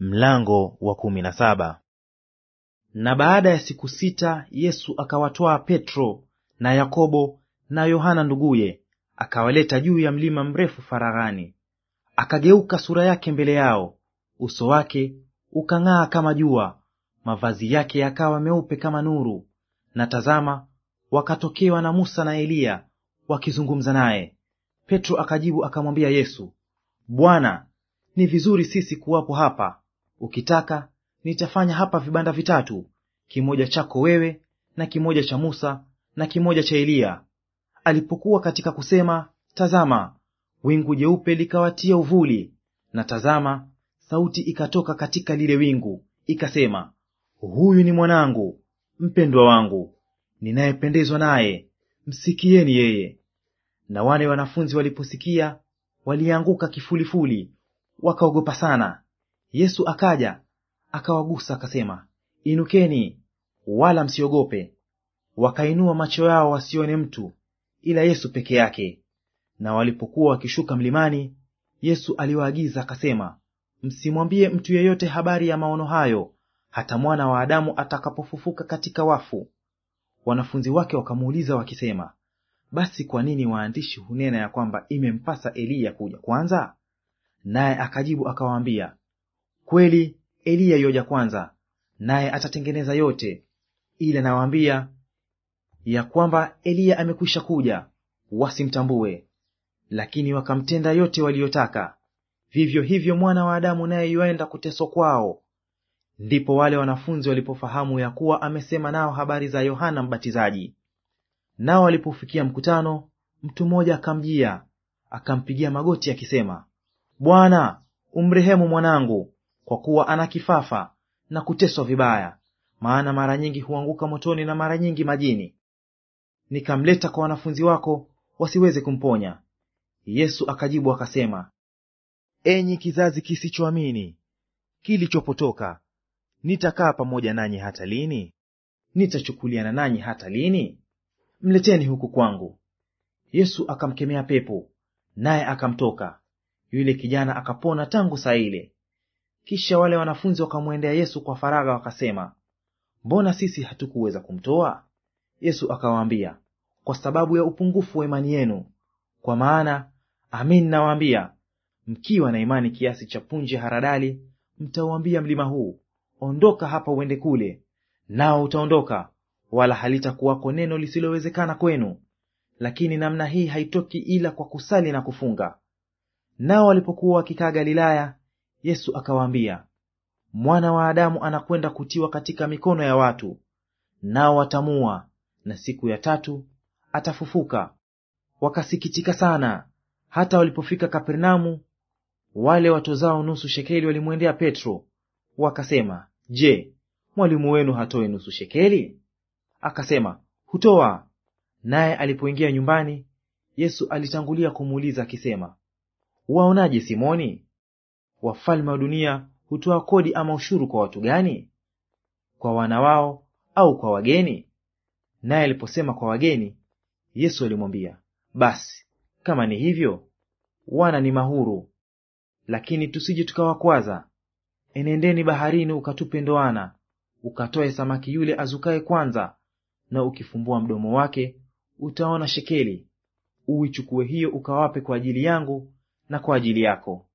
Mlango wa kumi na saba. Na baada ya siku sita Yesu akawatwaa Petro na Yakobo na Yohana nduguye, akawaleta juu ya mlima mrefu faraghani. Akageuka sura yake mbele yao, uso wake ukang'aa kama jua, mavazi yake yakawa meupe kama nuru. Na tazama, wakatokewa na Musa na Eliya wakizungumza naye. Petro akajibu akamwambia Yesu, Bwana, ni vizuri sisi kuwapo hapa Ukitaka nitafanya hapa vibanda vitatu, kimoja chako wewe na kimoja cha Musa na kimoja cha Eliya. Alipokuwa katika kusema, tazama, wingu jeupe likawatia uvuli, na tazama, sauti ikatoka katika lile wingu ikasema, huyu ni mwanangu mpendwa wangu, ninayependezwa naye, msikieni yeye. Na wale wanafunzi waliposikia, walianguka kifulifuli, wakaogopa sana. Yesu akaja akawagusa, akasema, Inukeni wala msiogope. Wakainua macho yao wasione mtu ila Yesu peke yake. Na walipokuwa wakishuka mlimani, Yesu aliwaagiza akasema, msimwambie mtu yeyote habari ya maono hayo hata mwana wa Adamu atakapofufuka katika wafu. Wanafunzi wake wakamuuliza wakisema, basi kwa nini waandishi hunena ya kwamba imempasa Eliya kuja kwanza? Naye akajibu akawaambia, Kweli Eliya yoja kwanza, naye atatengeneza yote. Ila nawaambia ya kwamba Eliya amekwisha kuja, wasimtambue. Lakini wakamtenda yote waliyotaka. Vivyo hivyo mwana wa Adamu naye yuenda kuteswa kwao. Ndipo wale wanafunzi walipofahamu ya kuwa amesema nao habari za Yohana Mbatizaji. Nao walipofikia mkutano, mtu mmoja akamjia, akampigia magoti akisema, Bwana, umrehemu mwanangu, kwa kuwa ana kifafa na kuteswa vibaya, maana mara nyingi huanguka motoni na mara nyingi majini. Nikamleta kwa wanafunzi wako, wasiweze kumponya. Yesu akajibu akasema, enyi kizazi kisichoamini kilichopotoka, nitakaa pamoja nanyi hata lini? Nitachukuliana nanyi hata lini? Mleteni huku kwangu. Yesu akamkemea pepo, naye akamtoka. Yule kijana akapona tangu saa ile. Kisha wale wanafunzi wakamwendea Yesu kwa faragha wakasema, mbona sisi hatukuweza kumtoa? Yesu akawaambia, kwa sababu ya upungufu wa imani yenu. Kwa maana amin, nawaambia, mkiwa na imani kiasi cha punje haradali, mtauambia mlima huu, ondoka hapa uende kule, nao utaondoka, wala halitakuwako neno lisilowezekana kwenu. Lakini namna hii haitoki ila kwa kusali na kufunga. Nao walipokuwa wakikaa Galilaya, Yesu akawaambia, mwana wa Adamu anakwenda kutiwa katika mikono ya watu, nao watamua, na siku ya tatu atafufuka. Wakasikitika sana. Hata walipofika Kapernaumu, wale watozao nusu shekeli walimwendea Petro wakasema, Je, mwalimu wenu hatoe nusu shekeli? Akasema, hutoa. Naye alipoingia nyumbani, Yesu alitangulia kumuuliza akisema, waonaje Simoni? wafalme wa dunia hutoa kodi ama ushuru kwa watu gani? Kwa wana wao au kwa wageni? Naye aliposema kwa wageni, Yesu alimwambia, basi kama ni hivyo, wana ni mahuru. Lakini tusije tukawakwaza. Enendeni baharini, ukatupe ndoana, ukatoe samaki yule azukaye kwanza, na ukifumbua mdomo wake utaona shekeli, uichukue hiyo ukawape kwa ajili yangu na kwa ajili yako.